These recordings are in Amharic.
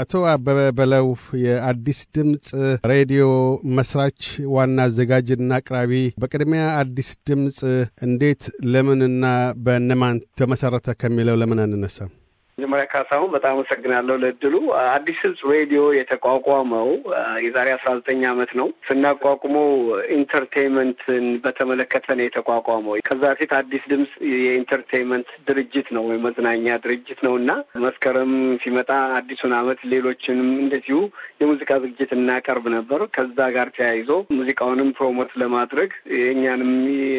አቶ አበበ በለው የአዲስ ድምፅ ሬዲዮ መስራች፣ ዋና አዘጋጅና አቅራቢ፣ በቅድሚያ አዲስ ድምፅ እንዴት ለምንና በነማን ተመሰረተ ከሚለው ለምን አንነሳም? መጀመሪያ ካሳሁን በጣም አመሰግናለሁ ለእድሉ። አዲስ ስልጽ ሬዲዮ የተቋቋመው የዛሬ አስራ ዘጠኝ ዓመት ነው። ስናቋቁመው ኢንተርቴንመንትን በተመለከተ ነው የተቋቋመው። ከዛ ፊት አዲስ ድምፅ የኢንተርቴንመንት ድርጅት ነው ወይ መዝናኛ ድርጅት ነው እና መስከረም ሲመጣ አዲሱን ዓመት ሌሎችንም እንደዚሁ የሙዚቃ ዝግጅት እናቀርብ ነበር። ከዛ ጋር ተያይዞ ሙዚቃውንም ፕሮሞት ለማድረግ የእኛንም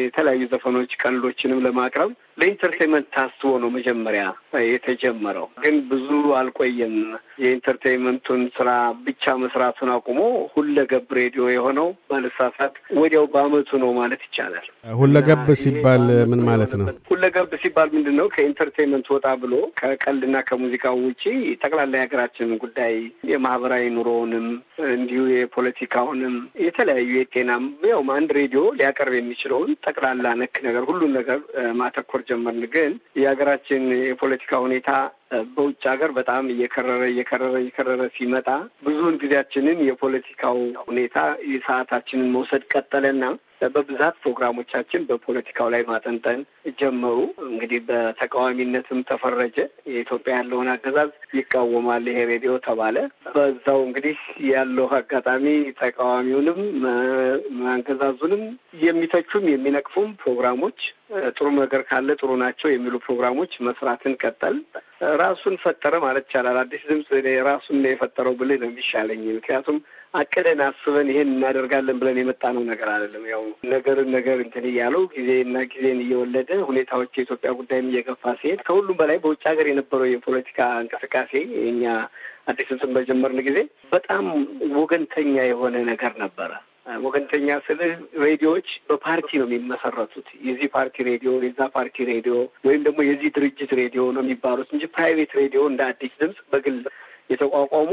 የተለያዩ ዘፈኖች ቀልዶችንም ለማቅረብ ለኢንተርቴንመንት ታስቦ ነው መጀመሪያ የተጀመረ የጀመረው ግን ብዙ አልቆየም። የኢንተርቴንመንቱን ስራ ብቻ መስራቱን አቁሞ ሁለገብ ሬዲዮ የሆነው ባለሳሳት ወዲያው በአመቱ ነው ማለት ይቻላል። ሁለገብ ሲባል ምን ማለት ነው? ሁለገብ ሲባል ምንድን ነው? ከኢንተርቴንመንት ወጣ ብሎ ከቀልድና ከሙዚቃው ውጪ ጠቅላላ የሀገራችንን ጉዳይ የማህበራዊ ኑሮውንም እንዲሁ የፖለቲካውንም የተለያዩ የጤናም ያውም አንድ ሬዲዮ ሊያቀርብ የሚችለውን ጠቅላላ ነክ ነገር ሁሉን ነገር ማተኮር ጀመርን። ግን የሀገራችን የፖለቲካ ሁኔታ በውጭ ሀገር በጣም እየከረረ እየከረረ እየከረረ ሲመጣ ብዙውን ጊዜያችንን የፖለቲካው ሁኔታ የሰዓታችንን መውሰድ ቀጠለና በብዛት ፕሮግራሞቻችን በፖለቲካው ላይ ማጠንጠን ጀመሩ። እንግዲህ በተቃዋሚነትም ተፈረጀ። የኢትዮጵያ ያለውን አገዛዝ ይቃወማል ይሄ ሬዲዮ ተባለ። በዛው እንግዲህ ያለው አጋጣሚ ተቃዋሚውንም አገዛዙንም የሚተቹም የሚነቅፉም ፕሮግራሞች ጥሩ ነገር ካለ ጥሩ ናቸው የሚሉ ፕሮግራሞች መስራትን ቀጠል። ራሱን ፈጠረ ማለት ይቻላል። አዲስ ድምፅ ራሱን የፈጠረው ብልህ ነው የሚሻለኝ ምክንያቱም አቅደን አስበን ይሄን እናደርጋለን ብለን ነው ነገር አይደለም። ያው ነገርን ነገር እንትን እያለው ጊዜና ጊዜን እየወለደ ሁኔታዎች የኢትዮጵያ ጉዳይም እየገፋ ሲሄድ ከሁሉም በላይ በውጭ ሀገር የነበረው የፖለቲካ እንቅስቃሴ እኛ አዲስ ስም በጀመርን ጊዜ በጣም ወገንተኛ የሆነ ነገር ነበረ። ወገንተኛ ስል ሬዲዮዎች በፓርቲ ነው የሚመሰረቱት። የዚህ ፓርቲ ሬዲዮ፣ የዛ ፓርቲ ሬዲዮ ወይም ደግሞ የዚህ ድርጅት ሬዲዮ ነው የሚባሉት እንጂ ፕራይቬት ሬዲዮ እንደ አዲስ ድምፅ በግል የተቋቋሙ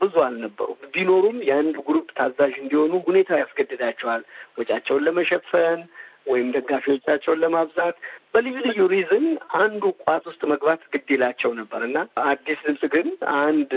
ብዙ አልነበሩም። ቢኖሩም የአንድ ግሩፕ ታዛዥ እንዲሆኑ ሁኔታ ያስገድዳቸዋል። ወጫቸውን ለመሸፈን ወይም ደጋፊዎቻቸውን ለማብዛት በልዩ ልዩ ሪዝን አንዱ ቋት ውስጥ መግባት ግድ ይላቸው ነበር እና አዲስ ድምፅ ግን አንድ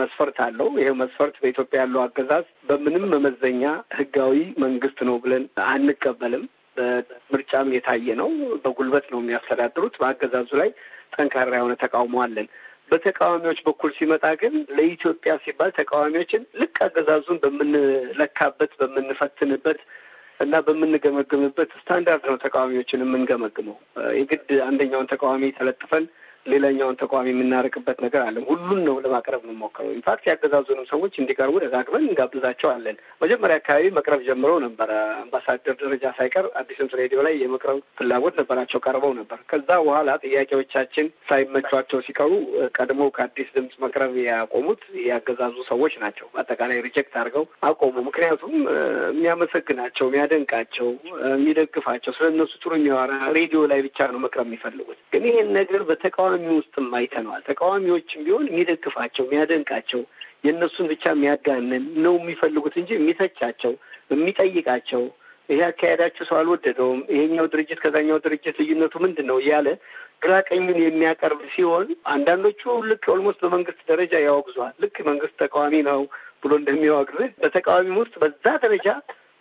መስፈርት አለው። ይህ መስፈርት በኢትዮጵያ ያለው አገዛዝ በምንም መመዘኛ ህጋዊ መንግስት ነው ብለን አንቀበልም። በምርጫም የታየ ነው። በጉልበት ነው የሚያስተዳድሩት። በአገዛዙ ላይ ጠንካራ የሆነ ተቃውሞ አለን። በተቃዋሚዎች በኩል ሲመጣ ግን ለኢትዮጵያ ሲባል ተቃዋሚዎችን ልክ አገዛዙን በምንለካበት በምንፈትንበት እና በምንገመግምበት ስታንዳርድ ነው ተቃዋሚዎችን የምንገመግመው። የግድ አንደኛውን ተቃዋሚ ተለጥፈን ሌላኛውን ተቃዋሚ የምናርቅበት ነገር አለን። ሁሉን ነው ለማቅረብ የምንሞክረው። ኢንፋክት ያገዛዙንም ሰዎች እንዲቀርቡ ደጋግመን እንጋብዛቸው አለን። መጀመሪያ አካባቢ መቅረብ ጀምረው ነበረ። አምባሳደር ደረጃ ሳይቀር አዲስ ሬዲዮ ላይ የመቅረብ ፍላጎት ነበራቸው፣ ቀርበው ነበር። ከዛ በኋላ ጥያቄዎቻችን ሳይመቿቸው ሲቀሩ ቀድሞ ከአዲስ ድምፅ መቅረብ ያቆሙት ያገዛዙ ሰዎች ናቸው። አጠቃላይ ሪጀክት አድርገው አቆሙ። ምክንያቱም የሚያመሰግናቸው፣ የሚያደንቃቸው፣ የሚደግፋቸው ስለነሱ ጥሩ የሚያወራ ሬዲዮ ላይ ብቻ ነው መቅረብ የሚፈልጉት። ግን ይህን ነገር በተቃዋሚ ተቃዋሚ ውስጥም አይተነዋል። ተቃዋሚዎችም ቢሆን የሚደግፋቸው የሚያደንቃቸው፣ የእነሱን ብቻ የሚያጋንን ነው የሚፈልጉት እንጂ የሚተቻቸው የሚጠይቃቸው ይሄ አካሄዳቸው ሰው አልወደደውም፣ ይሄኛው ድርጅት ከዛኛው ድርጅት ልዩነቱ ምንድን ነው እያለ ግራ ቀኙን የሚያቀርብ ሲሆን አንዳንዶቹ ልክ ኦልሞስት በመንግስት ደረጃ ያወግዟል። ልክ መንግስት ተቃዋሚ ነው ብሎ እንደሚያወግዝ በተቃዋሚም ውስጥ በዛ ደረጃ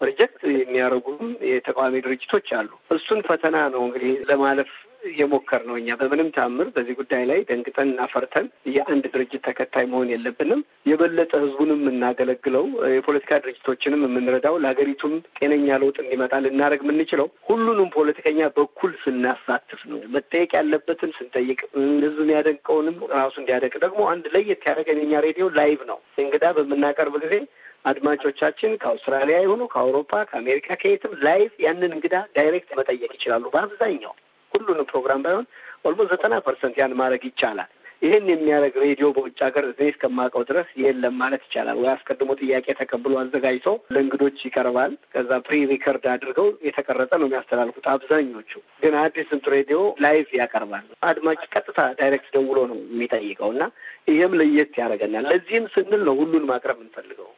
ፕሮጀክት የሚያደርጉም የተቃዋሚ ድርጅቶች አሉ። እሱን ፈተና ነው እንግዲህ ለማለፍ እየሞከር ነው እኛ በምንም ተአምር በዚህ ጉዳይ ላይ ደንግጠን እናፈርተን ፈርተን የአንድ ድርጅት ተከታይ መሆን የለብንም። የበለጠ ህዝቡንም የምናገለግለው የፖለቲካ ድርጅቶችንም የምንረዳው ለሀገሪቱም ጤነኛ ለውጥ እንዲመጣ ልናደርግ የምንችለው ሁሉንም ፖለቲከኛ በኩል ስናሳትፍ ነው። መጠየቅ ያለበትን ስንጠይቅ፣ ህዝብ የሚያደንቀውንም ራሱ እንዲያደንቅ ደግሞ አንድ ለየት ያደረገን የኛ ሬዲዮ ላይቭ ነው። እንግዳ በምናቀርብ ጊዜ አድማጮቻችን ከአውስትራሊያ የሆኑ ከአውሮፓ፣ ከአሜሪካ፣ ከየትም ላይቭ ያንን እንግዳ ዳይሬክት መጠየቅ ይችላሉ። በአብዛኛው ሁሉንም ፕሮግራም ባይሆን ኦልሞስት ዘጠና ፐርሰንት ያን ማድረግ ይቻላል። ይህን የሚያደርግ ሬዲዮ በውጭ ሀገር እኔ እስከማውቀው ድረስ የለም ማለት ይቻላል። ወይ አስቀድሞ ጥያቄ ተቀብሎ አዘጋጅቶ ለእንግዶች ይቀርባል። ከዛ ፕሪ ሪከርድ አድርገው የተቀረጸ ነው የሚያስተላልፉት አብዛኞቹ። ግን አዲስ ስንት ሬዲዮ ላይቭ ያቀርባል። አድማጭ ቀጥታ ዳይሬክት ደውሎ ነው የሚጠይቀው እና ይህም ለየት ያደርገናል። ለዚህም ስንል ነው ሁሉን ማቅረብ የምንፈልገው።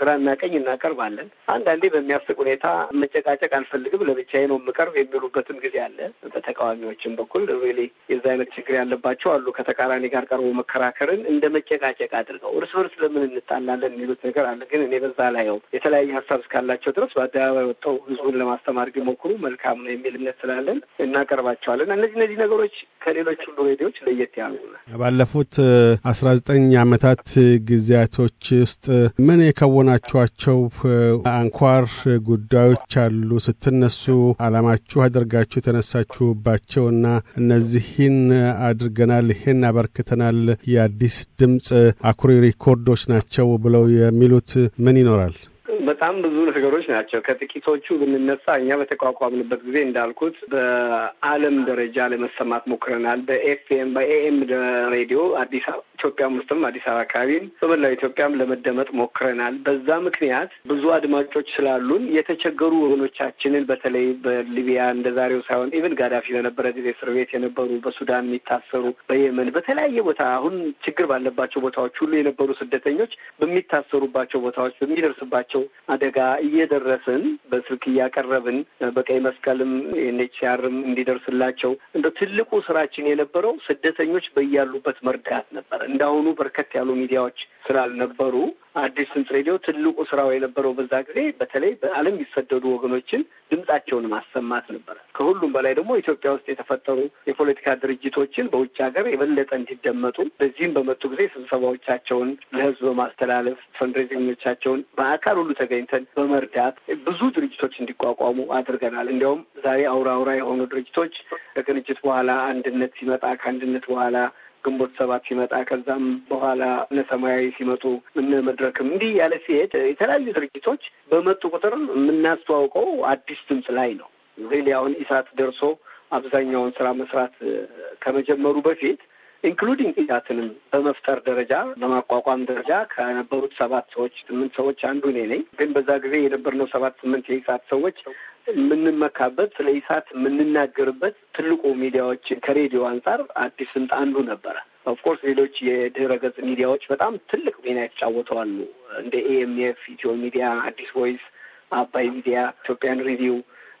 ግራና ቀኝ እናቀርባለን። አንዳንዴ በሚያስቅ ሁኔታ መጨቃጨቅ አንፈልግም፣ ለብቻዬ ነው የምቀርብ የሚሉበትም ጊዜ አለ። በተቃዋሚዎችም በኩል ሪሊ የዛ አይነት ችግር ያለባቸው አሉ። ከተቃራኒ ጋር ቀርቦ መከራከርን እንደ መጨቃጨቅ አድርገው እርስ በርስ ለምን እንጣላለን የሚሉት ነገር አለ። ግን እኔ በዛ ላይ የተለያየ ሀሳብ እስካላቸው ድረስ በአደባባይ ወጥተው ህዝቡን ለማስተማር ቢሞክሩ መልካም ነው የሚል እምነት ስላለን እናቀርባቸዋለን። እነዚህ እነዚህ ነገሮች ከሌሎች ሁሉ ሬዲዮች ለየት ያሉ ባለፉት አስራ ዘጠኝ አመታት ጊዜያቶች ውስጥ ምን የከ ከወናችኋቸው አንኳር ጉዳዮች አሉ ስትነሱ አላማችሁ አድርጋችሁ የተነሳችሁባቸው እና እነዚህን አድርገናል፣ ይህን አበርክተናል፣ የአዲስ ድምፅ አኩሪ ሪኮርዶች ናቸው ብለው የሚሉት ምን ይኖራል? በጣም ብዙ ነገሮች ናቸው። ከጥቂቶቹ ብንነሳ እኛ በተቋቋምንበት ጊዜ እንዳልኩት በአለም ደረጃ ለመሰማት ሞክረናል። በኤፍኤም በኤኤም ሬዲዮ አዲስ አበባ ኢትዮጵያም ውስጥም አዲስ አበባ አካባቢም በመላው ኢትዮጵያም ለመደመጥ ሞክረናል። በዛ ምክንያት ብዙ አድማጮች ስላሉን የተቸገሩ ወገኖቻችንን በተለይ በሊቢያ እንደ ዛሬው ሳይሆን ኢቨን ጋዳፊ በነበረ ጊዜ እስር ቤት የነበሩ በሱዳን የሚታሰሩ በየመን በተለያየ ቦታ አሁን ችግር ባለባቸው ቦታዎች ሁሉ የነበሩ ስደተኞች በሚታሰሩባቸው ቦታዎች በሚደርስባቸው አደጋ እየደረስን በስልክ እያቀረብን በቀይ መስቀልም ኤንኤችሲአርም እንዲደርስላቸው እንደ ትልቁ ስራችን የነበረው ስደተኞች በያሉበት መርዳት ነበረ። እንዳሁኑ በርከት ያሉ ሚዲያዎች ስላልነበሩ አዲስ ድምፅ ሬዲዮ ትልቁ ስራው የነበረው በዛ ጊዜ በተለይ በዓለም የሚሰደዱ ወገኖችን ድምጻቸውን ማሰማት ነበረ። ከሁሉም በላይ ደግሞ ኢትዮጵያ ውስጥ የተፈጠሩ የፖለቲካ ድርጅቶችን በውጭ ሀገር የበለጠ እንዲደመጡ፣ በዚህም በመጡ ጊዜ ስብሰባዎቻቸውን ለህዝብ በማስተላለፍ ፈንድሬዚንጎቻቸውን በአካል ሁሉ ተገኝተን በመርዳት ብዙ ድርጅቶች እንዲቋቋሙ አድርገናል። እንዲያውም ዛሬ አውራ አውራ የሆኑ ድርጅቶች ከቅንጅት በኋላ አንድነት ሲመጣ ከአንድነት በኋላ ግንቦት ሰባት ሲመጣ ከዛም በኋላ እነ ሰማያዊ ሲመጡ እነ መድረክም እንዲህ ያለ ሲሄድ የተለያዩ ድርጅቶች በመጡ ቁጥር የምናስተዋውቀው አዲስ ድምፅ ላይ ነው። ሪሊ አሁን ኢሳት ደርሶ አብዛኛውን ስራ መስራት ከመጀመሩ በፊት ኢንክሉዲንግ ኢሳትንም በመፍጠር ደረጃ በማቋቋም ደረጃ ከነበሩት ሰባት ሰዎች ስምንት ሰዎች አንዱ እኔ ነኝ። ግን በዛ ጊዜ የነበርነው ሰባት ስምንት የኢሳት ሰዎች የምንመካበት ስለ ኢሳት የምንናገርበት ትልቁ ሚዲያዎች ከሬዲዮ አንጻር አዲስ ስንት አንዱ ነበረ። ኦፍኮርስ ሌሎች የድህረ ገጽ ሚዲያዎች በጣም ትልቅ ሚና የተጫወተዋሉ። እንደ ኤኤምኤፍ፣ ኢትዮ ሚዲያ፣ አዲስ ቮይስ፣ አባይ ሚዲያ፣ ኢትዮጵያን ሪቪው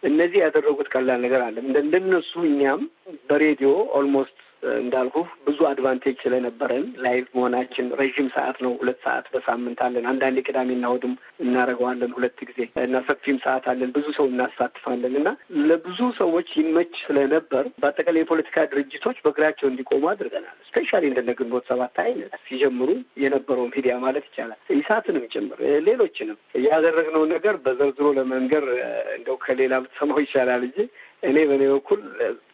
እነዚህ ያደረጉት ቀላል ነገር አለ። እንደነሱ እኛም በሬዲዮ ኦልሞስት እንዳልኩ ብዙ አድቫንቴጅ ስለነበረን ላይቭ መሆናችን ረዥም ሰዓት ነው። ሁለት ሰዓት በሳምንት አለን። አንዳንዴ ቅዳሜና እሑድም እናደርገዋለን ሁለት ጊዜ እና ሰፊም ሰዓት አለን። ብዙ ሰው እናሳትፋለን እና ለብዙ ሰዎች ይመች ስለነበር በአጠቃላይ የፖለቲካ ድርጅቶች በእግራቸው እንዲቆሙ አድርገናል። ስፔሻሊ እንደነ ግንቦት ሰባት አይነት ሲጀምሩ የነበረውን ፊዲያ ማለት ይቻላል ኢሳትንም ጭምር ሌሎችንም ያደረግነው ነገር በዘርዝሮ ለመንገር እንደው ከሌላ ብትሰማው ይቻላል እንጂ እኔ በእኔ በኩል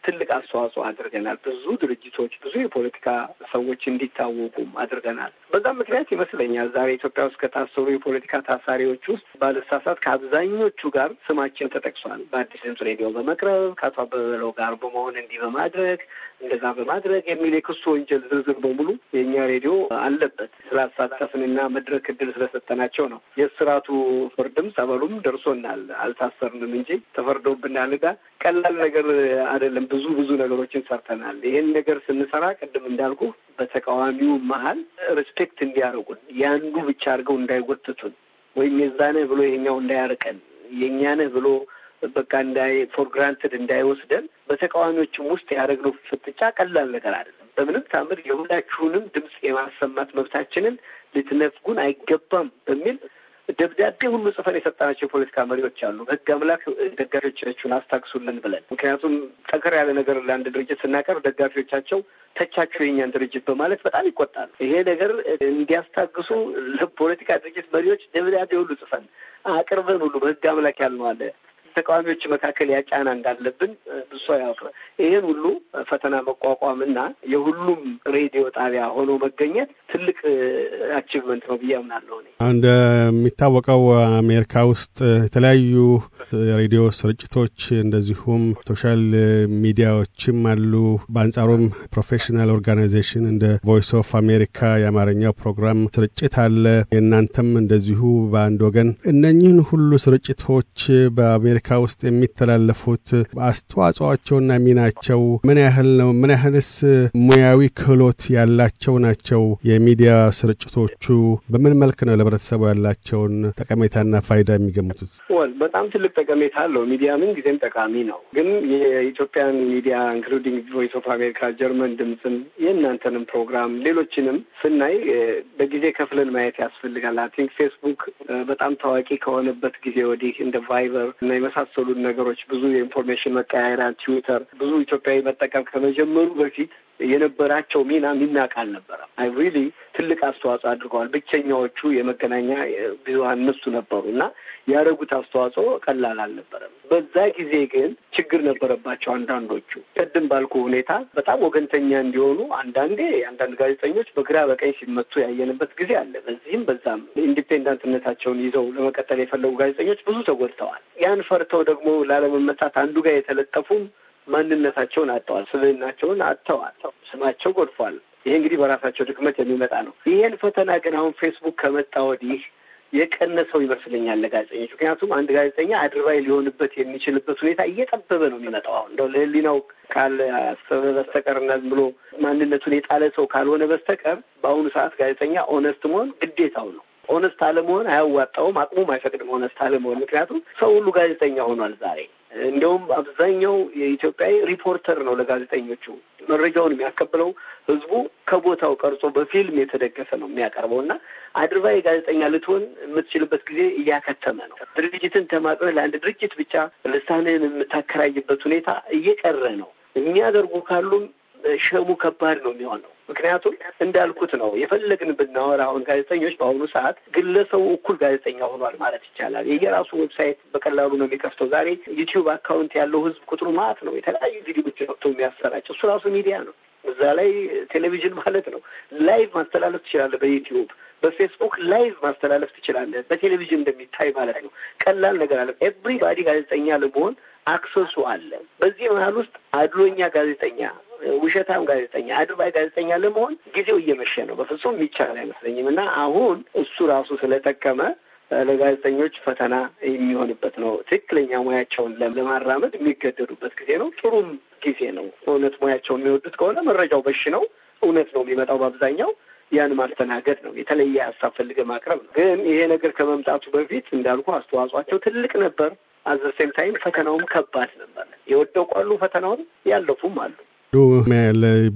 ትልቅ አስተዋጽኦ አድርገናል። ብዙ ድርጅቶች፣ ብዙ የፖለቲካ ሰዎች እንዲታወቁም አድርገናል። በዛም ምክንያት ይመስለኛል ዛሬ ኢትዮጵያ ውስጥ ከታሰሩ የፖለቲካ ታሳሪዎች ውስጥ ባልሳሳት ከአብዛኞቹ ጋር ስማችን ተጠቅሷል። በአዲስ ድምፅ ሬዲዮ በመቅረብ ከአቶ አበበ በለው ጋር በመሆን እንዲህ በማድረግ እንደዛ በማድረግ የሚል የክሱ ወንጀል ዝርዝር በሙሉ የእኛ ሬዲዮ አለበት። ስላሳተፍንና መድረክ እድል ስለሰጠናቸው ነው። የስራቱ ፍርድም ጸበሉም ደርሶናል። አልታሰርንም እንጂ ተፈርዶብናል። ዕዳ ቀላል ነገር አይደለም። ብዙ ብዙ ነገሮችን ሰርተናል። ይህን ነገር ስንሰራ ቅድም እንዳልኩ በተቃዋሚው መሀል ሪስፔክት እንዲያደርጉን የአንዱ ብቻ አድርገው እንዳይጎትቱን ወይም የዛነህ ብሎ ይሄኛው እንዳያርቀን የእኛነህ ብሎ በቃ እንዳይ ፎር ግራንትድ እንዳይወስደን በተቃዋሚዎችም ውስጥ ያደረግነው ፍጥጫ ቀላል ነገር አይደለም። በምንም ታምር የሁላችሁንም ድምፅ የማሰማት መብታችንን ልትነፍጉን አይገባም በሚል ደብዳቤ ሁሉ ጽፈን የሰጠናቸው የፖለቲካ መሪዎች አሉ። ህግ አምላክ ደጋፊዎቻችሁን አስታክሱልን ብለን። ምክንያቱም ጠንከር ያለ ነገር ለአንድ ድርጅት ስናቀርብ ደጋፊዎቻቸው ተቻችሁ የኛን ድርጅት በማለት በጣም ይቆጣሉ። ይሄ ነገር እንዲያስታግሱ ለፖለቲካ ድርጅት መሪዎች ደብዳቤ ሁሉ ጽፈን አቅርበን ሁሉ በህግ አምላክ ያልነዋለ ተቃዋሚዎች መካከል ያጫና እንዳለብን ብዙ ሰው ይህን ሁሉ ፈተና መቋቋም የሁሉም ሬዲዮ ጣቢያ ሆኖ መገኘት ትልቅ አቺቭመንት ነው ብዬ አምናለሁ። እንደሚታወቀው አሜሪካ ውስጥ የተለያዩ ሬዲዮ ስርጭቶች እንደዚሁም ሶሻል ሚዲያዎችም አሉ። በአንጻሩም ፕሮፌሽናል ኦርጋናይዜሽን እንደ ቮይስ ኦፍ አሜሪካ የአማርኛው ፕሮግራም ስርጭት አለ። የእናንተም እንደዚሁ በአንድ ወገን እነኚህን ሁሉ ስርጭቶች በአሜሪካ በአፍሪካ ውስጥ የሚተላለፉት አስተዋጽኦቸውና ሚናቸው ምን ያህል ነው? ምን ያህልስ ሙያዊ ክህሎት ያላቸው ናቸው? የሚዲያ ስርጭቶቹ በምን መልክ ነው ለህብረተሰቡ ያላቸውን ጠቀሜታና ፋይዳ የሚገምቱት? በጣም ትልቅ ጠቀሜታ አለው። ሚዲያ ምን ጊዜም ጠቃሚ ነው። ግን የኢትዮጵያን ሚዲያ ኢንክሉዲንግ ቮይስ ኦፍ አሜሪካ፣ ጀርመን ድምፅን፣ የእናንተንም ፕሮግራም ሌሎችንም ስናይ በጊዜ ከፍለን ማየት ያስፈልጋል። አይ ቲንክ ፌስቡክ በጣም ታዋቂ ከሆነበት ጊዜ ወዲህ እንደ ቫይበር እና የመሳሰሉን ነገሮች ብዙ የኢንፎርሜሽን መቀያየሪያ ትዊተር ብዙ ኢትዮጵያዊ መጠቀም ከመጀመሩ በፊት የነበራቸው ሚና የሚናቅ አልነበረም። አይ ሪሊ ትልቅ አስተዋጽኦ አድርገዋል። ብቸኛዎቹ የመገናኛ ብዙሀን እነሱ ነበሩ እና ያደረጉት አስተዋጽኦ ቀላል አልነበረም። በዛ ጊዜ ግን ችግር ነበረባቸው። አንዳንዶቹ ቅድም ባልኩ ሁኔታ በጣም ወገንተኛ እንዲሆኑ አንዳንዴ አንዳንድ ጋዜጠኞች በግራ በቀኝ ሲመቱ ያየንበት ጊዜ አለ። በዚህም በዛም ኢንዲፔንዳንትነታቸውን ይዘው ለመቀጠል የፈለጉ ጋዜጠኞች ብዙ ተጎድተዋል። ያን ፈርተው ደግሞ ላለመመታት አንዱ ጋር የተለጠፉም ማንነታቸውን አጥተዋል፣ ስብዕናቸውን አጥተዋል፣ ስማቸው ጎድፏል። ይሄ እንግዲህ በራሳቸው ድክመት የሚመጣ ነው። ይሄን ፈተና ግን አሁን ፌስቡክ ከመጣ ወዲህ የቀነሰው ይመስለኛል ለጋዜጠኞች። ምክንያቱም አንድ ጋዜጠኛ አድርባይ ሊሆንበት የሚችልበት ሁኔታ እየጠበበ ነው የሚመጣው። አሁን እንደው ለህሊናው ካላሰበ በስተቀር እና ብሎ ማንነቱን የጣለ ሰው ካልሆነ በስተቀር በአሁኑ ሰዓት ጋዜጠኛ ኦነስት መሆን ግዴታው ነው። ኦነስት አለመሆን አያዋጣውም፣ አቅሙም አይፈቅድም ኦነስት አለመሆን። ምክንያቱም ሰው ሁሉ ጋዜጠኛ ሆኗል ዛሬ እንደውም አብዛኛው የኢትዮጵያዊ ሪፖርተር ነው። ለጋዜጠኞቹ መረጃውን የሚያከብለው ህዝቡ ከቦታው ቀርጾ በፊልም የተደገፈ ነው የሚያቀርበው እና አድርባይ ጋዜጠኛ ልትሆን የምትችልበት ጊዜ እያከተመ ነው። ድርጅትን ተማጥረ ለአንድ ድርጅት ብቻ ልሳንህን የምታከራይበት ሁኔታ እየቀረ ነው። የሚያደርጉ ካሉም ሸሙ ከባድ ነው የሚሆነው። ምክንያቱም እንዳልኩት ነው የፈለግን ብናወራ አሁን ጋዜጠኞች በአሁኑ ሰዓት ግለሰቡ እኩል ጋዜጠኛ ሆኗል ማለት ይቻላል። የራሱ ዌብሳይት በቀላሉ ነው የሚከፍተው። ዛሬ ዩቲዩብ አካውንት ያለው ህዝብ ቁጥሩ ማለት ነው። የተለያዩ ቪዲዮዎችን ወጥቶ የሚያሰራጭ እሱ ራሱ ሚዲያ ነው። እዛ ላይ ቴሌቪዥን ማለት ነው። ላይቭ ማስተላለፍ ትችላለህ። በዩቲዩብ በፌስቡክ ላይቭ ማስተላለፍ ትችላለህ። በቴሌቪዥን እንደሚታይ ማለት ነው። ቀላል ነገር አለ። ኤቭሪባዲ ጋዜጠኛ ለመሆን አክሰሱ አለ። በዚህ መሀል ውስጥ አድሎኛ ጋዜጠኛ ውሸታም ጋዜጠኛ፣ አድባይ ጋዜጠኛ ለመሆን ጊዜው እየመሸ ነው። በፍጹም የሚቻል አይመስለኝም። እና አሁን እሱ ራሱ ስለጠቀመ ለጋዜጠኞች ፈተና የሚሆንበት ነው። ትክክለኛ ሙያቸውን ለማራመድ የሚገደዱበት ጊዜ ነው። ጥሩም ጊዜ ነው። እውነት ሙያቸው የሚወዱት ከሆነ መረጃው በሽ ነው፣ እውነት ነው የሚመጣው በአብዛኛው ያን ማስተናገድ ነው። የተለየ ሀሳብ ፈልገ ማቅረብ ነው። ግን ይሄ ነገር ከመምጣቱ በፊት እንዳልኩ አስተዋጽቸው ትልቅ ነበር። አዘሴም ታይም ፈተናውም ከባድ ነበር። የወደቁ አሉ፣ ፈተናውን ያለፉም አሉ።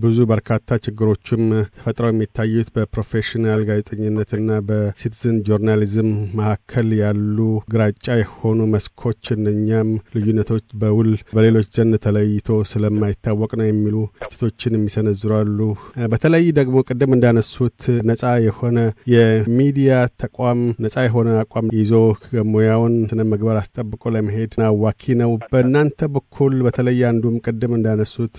ብዙ በርካታ ችግሮችም ተፈጥረው የሚታዩት በፕሮፌሽናል ጋዜጠኝነትና በሲቲዝን ጆርናሊዝም መካከል ያሉ ግራጫ የሆኑ መስኮች፣ እነኛም ልዩነቶች በውል በሌሎች ዘንድ ተለይቶ ስለማይታወቅ ነው የሚሉ ትችቶችን የሚሰነዝሩ በተለይ ደግሞ ቅድም እንዳነሱት ነጻ የሆነ የሚዲያ ተቋም ነጻ የሆነ አቋም ይዞ ሙያውን ስነ ምግባር አስጠብቆ ለመሄድ አዋኪ ነው። በእናንተ በኩል በተለይ አንዱም ቅድም እንዳነሱት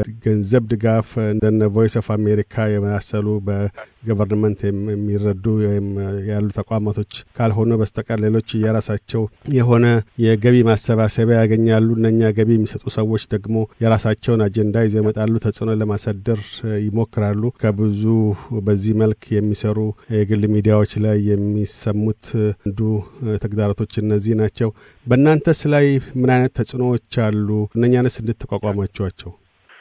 በገንዘብ ድጋፍ እንደነ ቮይስ ኦፍ አሜሪካ የመሳሰሉ በገቨርንመንት የሚረዱ ወይም ያሉ ተቋማቶች ካልሆነ በስተቀር ሌሎች የራሳቸው የሆነ የገቢ ማሰባሰቢያ ያገኛሉ። እነኛ ገቢ የሚሰጡ ሰዎች ደግሞ የራሳቸውን አጀንዳ ይዘው ይመጣሉ፣ ተጽዕኖ ለማሳደር ይሞክራሉ። ከብዙ በዚህ መልክ የሚሰሩ የግል ሚዲያዎች ላይ የሚሰሙት አንዱ ተግዳሮቶች እነዚህ ናቸው። በእናንተስ ላይ ምን አይነት ተጽዕኖዎች አሉ? እነኛንስ እንድትቋቋማችኋቸው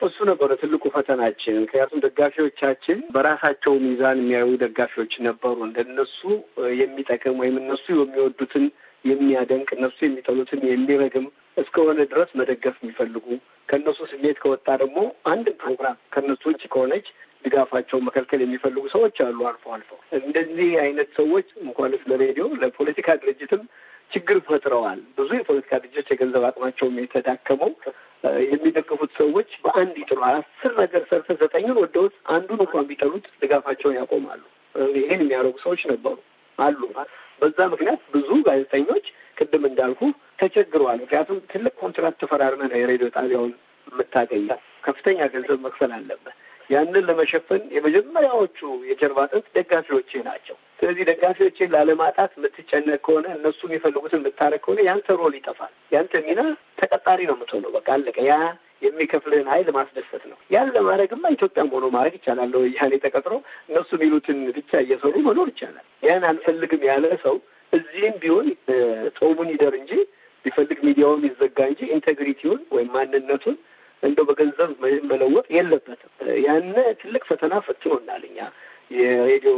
እሱ ነበረ ትልቁ ፈተናችን። ምክንያቱም ደጋፊዎቻችን በራሳቸው ሚዛን የሚያዩ ደጋፊዎች ነበሩ። እንደነሱ የሚጠቅም ወይም እነሱ የሚወዱትን የሚያደንቅ እነሱ የሚጠሉትን የሚረግም እስከሆነ ድረስ መደገፍ የሚፈልጉ ከእነሱ ስሜት ከወጣ ደግሞ አንድም ፕሮግራም ከእነሱ ውጭ ከሆነች ድጋፋቸው መከልከል የሚፈልጉ ሰዎች አሉ። አልፎ አልፎ እንደዚህ አይነት ሰዎች እንኳንስ ለሬዲዮ ለፖለቲካ ድርጅትም ችግር ፈጥረዋል። ብዙ የፖለቲካ ድርጅቶች የገንዘብ አቅማቸውም የተዳከመው የሚደግፉት ሰዎች በአንድ ይጥሉ አስር ነገር ሰርተ ዘጠኙን ወደውት አንዱን እንኳን ቢጠሉት ድጋፋቸውን ያቆማሉ። ይህን የሚያደርጉ ሰዎች ነበሩ አሉ። በዛ ምክንያት ብዙ ጋዜጠኞች ቅድም እንዳልኩ ተቸግረዋል። ምክንያቱም ትልቅ ኮንትራት ተፈራርመ ነው የሬዲዮ ጣቢያውን የምታገኘ ከፍተኛ ገንዘብ መክፈል አለበት። ያንን ለመሸፈን የመጀመሪያዎቹ የጀርባ አጥንት ደጋፊዎቼ ናቸው። ስለዚህ ደጋፊዎቼን ላለማጣት የምትጨነቅ ከሆነ እነሱ የሚፈልጉትን የምታደርግ ከሆነ ያንተ ሮል ይጠፋል፣ ያንተ ሚና ተቀጣሪ ነው የምትሆነው። በቃ አለቀ። ያ የሚከፍልህን ኃይል ማስደሰት ነው። ያን ለማድረግማ ኢትዮጵያም ሆኖ ማድረግ ይቻላል። ወያኔ ተቀጥሮ እነሱ የሚሉትን ብቻ እየሰሩ መኖር ይቻላል። ያን አልፈልግም ያለ ሰው እዚህም ቢሆን ጾሙን ይደር እንጂ ቢፈልግ ሚዲያውም ይዘጋ እንጂ ኢንቴግሪቲውን ወይም ማንነቱን እንደው በገንዘብ መለወጥ የለበትም። ያነ ትልቅ ፈተና ፈትኖናል። እኛ የሬዲዮ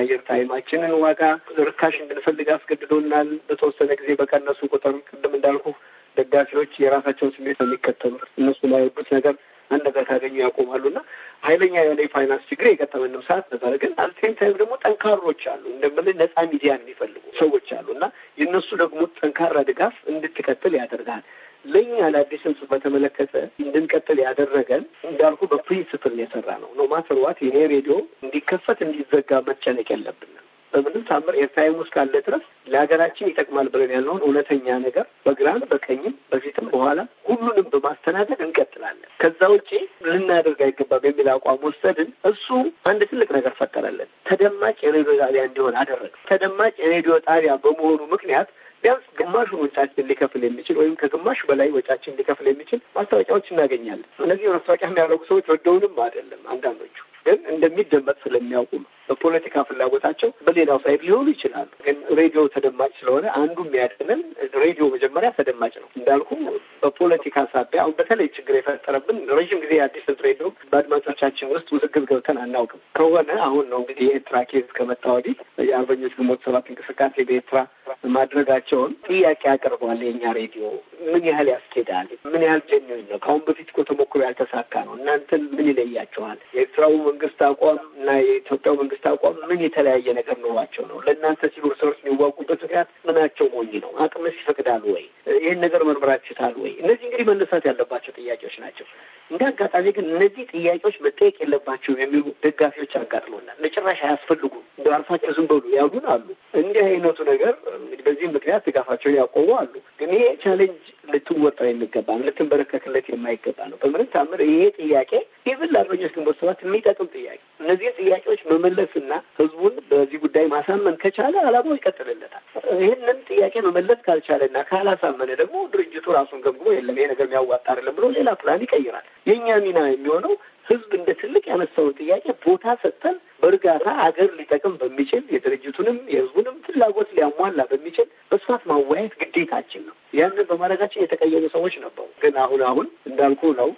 አየር ታይማችንን ዋጋ ርካሽ እንድንፈልግ አስገድዶናል። በተወሰነ ጊዜ በቀነሱ ቁጥር ቅድም እንዳልኩ ደጋፊዎች የራሳቸውን ስሜት ነው የሚከተሉት። እነሱ ላይወዱት ነገር አንድ ነገር ካገኙ ያቆማሉ እና ኃይለኛ የሆነ የፋይናንስ ችግር የገጠመንም ሰዓት ነበር። ግን አልሴም ታይም ደግሞ ጠንካሮች አሉ እንደምልህ ነጻ ሚዲያን የሚፈልጉ ሰዎች አሉ እና የእነሱ ደግሞ ጠንካራ ድጋፍ እንድትቀጥል ያደርጋል። ለእኛ ለአዲስ ህምፅ በተመለከተ እንድንቀጥል ያደረገን እንዳልኩ በፕሪንስፕል የሰራ ነው ነው ማተርዋት ይሄ ሬዲዮ እንዲከፈት እንዲዘጋ መጨነቅ የለብንም። በምንም ታምር ኤርታይም ውስጥ ካለ ድረስ ለሀገራችን ይጠቅማል ብለን ያለውን እውነተኛ ነገር በግራም በቀኝም በፊትም በኋላ ሁሉንም በማስተናገድ እንቀጥላለን። ከዛ ውጪ ልናደርግ አይገባም የሚል አቋም ወሰድን። እሱ አንድ ትልቅ ነገር ፈጠረለን። ተደማጭ የሬዲዮ ጣቢያ እንዲሆን አደረገ። ተደማጭ የሬዲዮ ጣቢያ በመሆኑ ምክንያት ቢያንስ ግማሹን ወጫችን ሊከፍል የሚችል ወይም ከግማሽ በላይ ወጫችን ሊከፍል የሚችል ማስታወቂያዎች እናገኛለን። እነዚህ ማስታወቂያ የሚያደርጉ ሰዎች ወደውንም አይደለም አንዳንዶቹ ግን እንደሚደመጥ ስለሚያውቁ ነው። በፖለቲካ ፍላጎታቸው በሌላው ሳይድ ሊሆኑ ይችላሉ። ግን ሬዲዮ ተደማጭ ስለሆነ አንዱ የሚያድንን ሬዲዮ መጀመሪያ ተደማጭ ነው እንዳልኩ በፖለቲካ ሳቢያ አሁን በተለይ ችግር የፈጠረብን ረዥም ጊዜ የአዲስን ሬዲዮ በአድማጮቻችን ውስጥ ውዝግብ ገብተን አናውቅም ከሆነ አሁን ነው እንግዲህ የኤርትራ ኬዝ ከመጣ ወዲህ የአርበኞች ግንቦት ሰባት እንቅስቃሴ በኤርትራ ማድረጋቸውን ጥያቄ አቅርቧል። የእኛ ሬዲዮ ምን ያህል ያስኬዳል? ምን ያህል ጀኞኝ ነው? ከአሁን በፊት እኮ ተሞክሮ ያልተሳካ ነው። እናንተን ምን ይለያቸዋል? የኤርትራው መንግስት አቋም እና የኢትዮጵያው መንግስት አቋም ምን የተለያየ ነገር ኖሯቸው ነው? ለእናንተ ሲሉ እርስ በርስ የሚዋጉበት ምክንያት ምናቸው ሞኝ ነው? አቅምስ ይፈቅዳል ወይ? ይህን ነገር መርምራችታል ወይ? እነዚህ እንግዲህ መነሳት ያለባቸው ጥያቄዎች ናቸው። እንደ አጋጣሚ ግን እነዚህ ጥያቄዎች መጠየቅ የለባቸውም የሚሉ ደጋፊዎች አጋጥሞናል። ለጭራሽ አያስፈልጉም እንደ አርፋቸው ዝም በሉ ያሉን አሉ። እንዲህ አይነቱ ነገር እንግዲህ ምክንያት ድጋፋቸውን ያቆሙ አሉ። ግን ይሄ ቻሌንጅ ልትወጣ የሚገባ ነው፣ ልትንበረከክለት የማይገባ ነው። በምንም ታምር ይሄ ጥያቄ ኢቭን ለአርበኞች ግንቦት ሰባት የሚጠቅም ጥያቄ፣ እነዚህ ጥያቄዎች መመለስና ህዝቡን በዚህ ጉዳይ ማሳመን ከቻለ አላማው ይቀጥልለታል። ይህንን ጥያቄ መመለስ ካልቻለና ካላሳመነ ደግሞ ድርጅቱ ራሱን ገምግሞ የለም ይሄ ነገር የሚያዋጣ አይደለም ብሎ ሌላ ፕላን ይቀይራል። የእኛ ሚና የሚሆነው ህዝብ እንደ ትልቅ ያነሳውን ጥያቄ ቦታ ሰጥተን በእርጋታ አገር ሊጠቅም በሚችል የድርጅቱንም የህዝቡንም ፍላጎት ሊያሟላ በሚችል በስፋት ማወያየት ግዴታችን ነው። ያንን በማድረጋችን የተቀየሩ ሰዎች ነበሩ። ግን አሁን አሁን እንዳልኩ ነው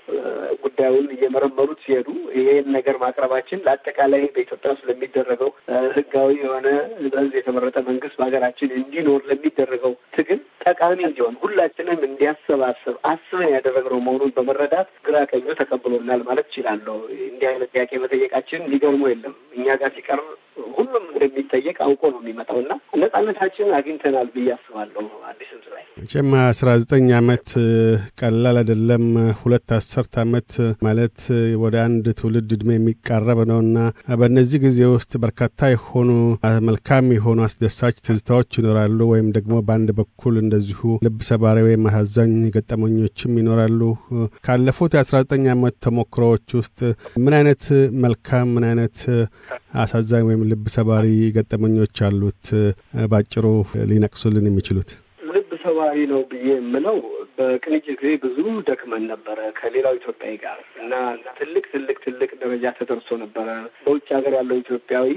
ጉዳዩን እየመረመሩት ሲሄዱ ይሄን ነገር ማቅረባችን ለአጠቃላይ በኢትዮጵያ ውስጥ ለሚደረገው ህጋዊ የሆነ በህዝብ የተመረጠ መንግስት በሀገራችን እንዲኖር ለሚደረገው ትግል ጠቃሚ እንዲሆን ሁላችንም እንዲያሰባስብ አስበን ያደረግነው መሆኑን በመረዳት ግራ ቀኙ ተቀብሎናል ማለት እችላለሁ። እንዲህ አይነት ጥያቄ መጠየቃችን ሊገርሙ የለም። እኛ ጋር ሲቀርብ ሁሉም እንደሚጠየቅ አውቆ ነው የሚመጣው እና ነጻነታችን አግኝተናል ብዬ አስባለሁ። መቼም አስራ ዘጠኝ ዓመት ቀላል አይደለም። ሁለት አስርት ዓመት ማለት ወደ አንድ ትውልድ እድሜ የሚቃረብ ነውና በእነዚህ ጊዜ ውስጥ በርካታ የሆኑ መልካም የሆኑ አስደሳች ትዝታዎች ይኖራሉ፣ ወይም ደግሞ በአንድ በኩል እንደዚሁ ልብ ሰባሪ ወይም አሳዛኝ ገጠመኞችም ይኖራሉ። ካለፉት የአስራ ዘጠኝ ዓመት ተሞክሮዎች ውስጥ ምን አይነት መልካም ምን አይነት አሳዛኝ ወይም ልብ ሰባሪ ገጠመኞች አሉት? ባጭሩ ሊነቅሱልን የሚችሉት ራዕይ ነው ብዬ የምለው በቅንጅ ጊዜ ብዙ ደክመን ነበረ ከሌላው ኢትዮጵያዊ ጋር እና ትልቅ ትልቅ ትልቅ ደረጃ ተደርሶ ነበረ። በውጭ ሀገር ያለው ኢትዮጵያዊ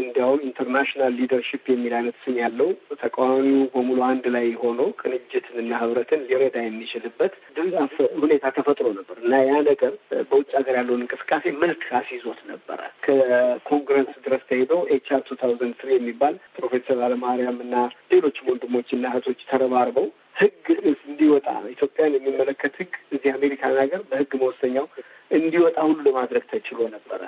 እንዲያውም ኢንተርናሽናል ሊደርሽፕ የሚል አይነት ስም ያለው ተቃዋሚው በሙሉ አንድ ላይ ሆኖ ቅንጅትን እና ህብረትን ሊረዳ የሚችልበት ድንዛፍ ሁኔታ ተፈጥሮ ነበር እና ያ ነገር በውጭ ሀገር ያለውን እንቅስቃሴ መልክ አስይዞት ነበረ። ከኮንግረስ ድረስ ተሄዶ ኤችአር ቱ ታውዘንድ ትሪ የሚባል ፕሮፌሰር አለማርያም እና ሌሎችም ወንድሞች እና እህቶች ተረባርበው ህግ እንዲወጣ ኢትዮጵያን የሚመለከት ህግ እዚህ አሜሪካን ሀገር በህግ መወሰኛው እንዲወጣ ሁሉ ለማድረግ ተችሎ ነበረ።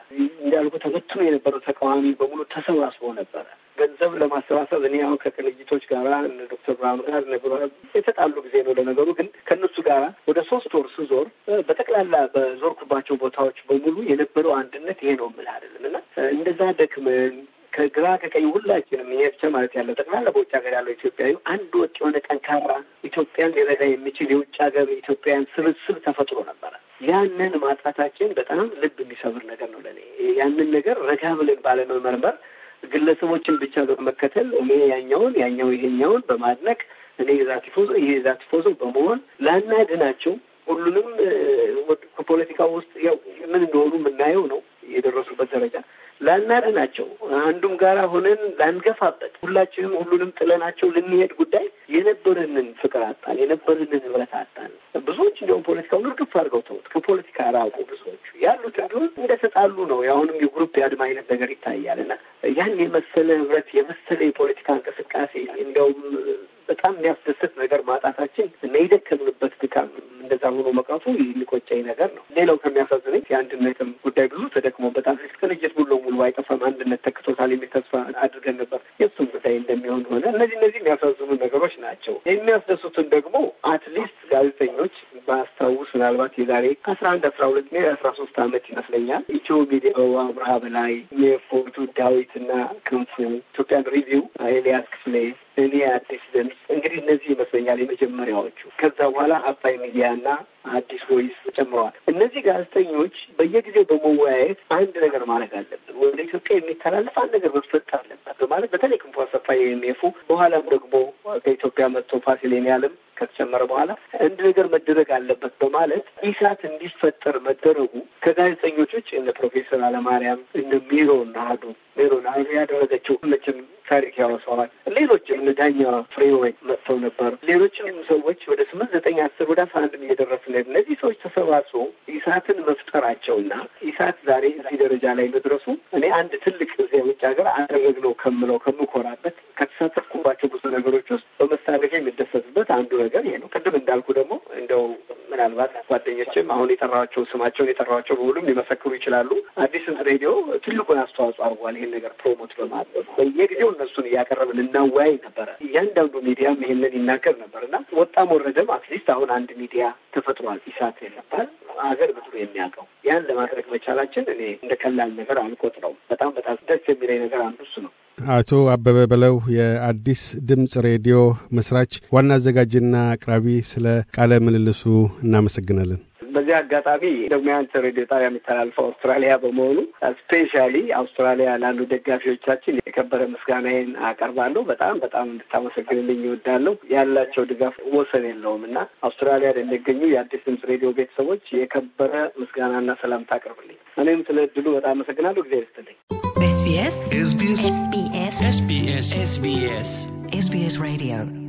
እንዳልኩ ተበትኖ የነበረው ተቃዋሚ በሙሉ ተሰባስቦ ነበረ። ገንዘብ ለማሰባሰብ እኔ አሁን ከቅንጅቶች ጋራ እነ ዶክተር ብርሃኑ ጋር ነግሮ የተጣሉ ጊዜ ነው። ለነገሩ ግን ከእነሱ ጋር ወደ ሶስት ወር ስዞር በጠቅላላ በዞርኩባቸው ቦታዎች በሙሉ የነበረው አንድነት ይሄ ነው የምልህ አይደለም እና እንደዛ ደክመን ከግራ ከቀኝ ሁላችንም ይሄ ማለት ያለው ጠቅላላ በውጭ ሀገር ያለው ኢትዮጵያዊ አንድ ወጥ የሆነ ጠንካራ ኢትዮጵያን ሊረዳ የሚችል የውጭ ሀገር ኢትዮጵያን ስብስብ ተፈጥሮ ነበረ። ያንን ማጣታችን በጣም ልብ የሚሰብር ነገር ነው ለእኔ። ያንን ነገር ረጋ ብለን ባለመመርመር ግለሰቦችን ብቻ በመከተል እኔ ያኛውን ያኛው ይሄኛውን በማድነቅ እኔ የዛቲፎዞ ይሄ የዛቲፎዞ በመሆን ላናድናቸው ሁሉንም ከፖለቲካ ውስጥ ያው ምን እንደሆኑ የምናየው ነው የደረሱበት ደረጃ ናቸው አንዱም ጋራ ሆነን ላንገፋበት፣ ሁላችንም ሁሉንም ጥለናቸው ልንሄድ ጉዳይ የነበረንን ፍቅር አጣን፣ የነበረንን ህብረት አጣን። ብዙዎች እንዲሁም ፖለቲካውን እርግፍ አድርገው ተውት፣ ከፖለቲካ ራቁ። ብዙዎቹ ያሉት እንዲሁም እንደተጣሉ ነው። የአሁንም የግሩፕ የአድማ አይነት ነገር ይታያል እና ያን የመሰለ ህብረት የመሰለ የፖለቲካ እንቅስቃሴ እንዲያውም በጣም የሚያስደስት ነገር ማጣታችን ለይደከምንበት ድካም እንደዛ ሆኖ መቅረቱ የሚቆጨኝ ነገር ነው። ሌላው ከሚያሳዝነኝ የአንድነትም ጉዳይ ብዙ ተደክሞበታል። ቅንጅት ሙሉ ለሙሉ አይጠፋም፣ አንድነት ተክቶታል የሚል ተስፋ አድርገን ነበር። የእሱም ጉዳይ እንደሚሆን ሆነ። እነዚህ እነዚህ የሚያሳዝኑ ነገሮች ናቸው። የሚያስደሱትን ደግሞ አትሊስት ጋዜጠኞች ባስታውስ ምናልባት የዛሬ አስራ አንድ አስራ ሁለት ሜ አስራ ሶስት አመት ይመስለኛል ኢትዮ ሚዲያ አብርሃ በላይ የፎቱ ዳዊትና ክንፉ ኢትዮጵያን ሪቪው ኤልያስ ክፍሌ እኔ አዲስ ደምስ እንግዲህ እነዚህ ይመስለኛል የመጀመሪያዎቹ። ከዛ በኋላ አባይ ሚዲያና አዲስ ቮይስ ጨምረዋል። እነዚህ ጋዜጠኞች በየጊዜው በመወያየት አንድ ነገር ማድረግ አለብን፣ ወደ ኢትዮጵያ የሚተላለፍ አንድ ነገር መፈት አለበት በማለት በተለይ ክንፎ አሰፋ የሚፉ በኋላም ደግሞ ከኢትዮጵያ መጥቶ ፋሲል የኔአለም ከተጨመረ በኋላ አንድ ነገር መደረግ አለበት በማለት ኢሳት እንዲፈጠር መደረጉ ከጋዜጠኞች ውጭ እነ ፕሮፌሰር አለማርያም እነ ሚሮ ናዱ ሚሮ ናዱ ያደረገችው መቼም ታሪክ ያወሰዋል። ሌሎችም እነ ዳኛ ፍሬወይ መጥተው ነበር። ሌሎችም ሰዎች ወደ ስምንት ዘጠኝ አስር ወደ አስራ አንድ እየደረስ እነዚህ ሰዎች ተሰባስቦ ኢሳትን መፍጠራቸውና ኢሳት ዛሬ እዚህ ደረጃ ላይ መድረሱ እኔ አንድ ትልቅ እዚያ ውጭ ሀገር አደረግነው ከምለው ከምኮራበት ከተሳተፍኩባቸው ብዙ ነገሮች ውስጥ በመሳተፍ የሚደሰትበት አንዱ ነገር ይሄ ነው። ቅድም እንዳልኩ ደግሞ እንደው ምናልባት ጓደኞችም አሁን የጠራቸው ስማቸውን የጠራቸው በሁሉም ሊመሰክሩ ይችላሉ። አዲስ ሬዲዮ ትልቁን አስተዋጽኦ አድርጓል። ይህን ነገር ፕሮሞት በማድረግ በየጊዜው እነሱን እያቀረብን ልናወያይ ነበረ። እያንዳንዱ ሚዲያም ይህንን ይናገር ነበር እና ወጣም ወረደም አትሊስት አሁን አንድ ሚዲያ ተፈጥሯል። ኢሳት የሚባል አገር በጥሩ የሚያውቀው ያን ለማድረግ መቻላችን እኔ እንደ ቀላል ነገር አልቆጥረውም። በጣም በጣም ደስ የሚለኝ ነገር አንዱ እሱ ነው። አቶ አበበ በለው የአዲስ ድምፅ ሬዲዮ መስራች፣ ዋና አዘጋጅና አቅራቢ፣ ስለ ቃለ ምልልሱ እናመሰግናለን። በዚህ አጋጣሚ ደግሞ የአንተ ሬዲዮ ጣቢያ የሚተላልፈው አውስትራሊያ በመሆኑ ስፔሻሊ አውስትራሊያ ላሉ ደጋፊዎቻችን የከበረ ምስጋናዬን አቀርባለሁ። በጣም በጣም እንድታመሰግንልኝ ይወዳለሁ። ያላቸው ድጋፍ ወሰን የለውም እና አውስትራሊያ የሚገኙ የአዲስ ድምፅ ሬዲዮ ቤተሰቦች የከበረ ምስጋናና ሰላምታ አቅርብልኝ። እኔም ስለ እድሉ በጣም አመሰግናለሁ። ጊዜ ይስጥልኝ። SBS SBS SBS SBS SBS, SBS Radio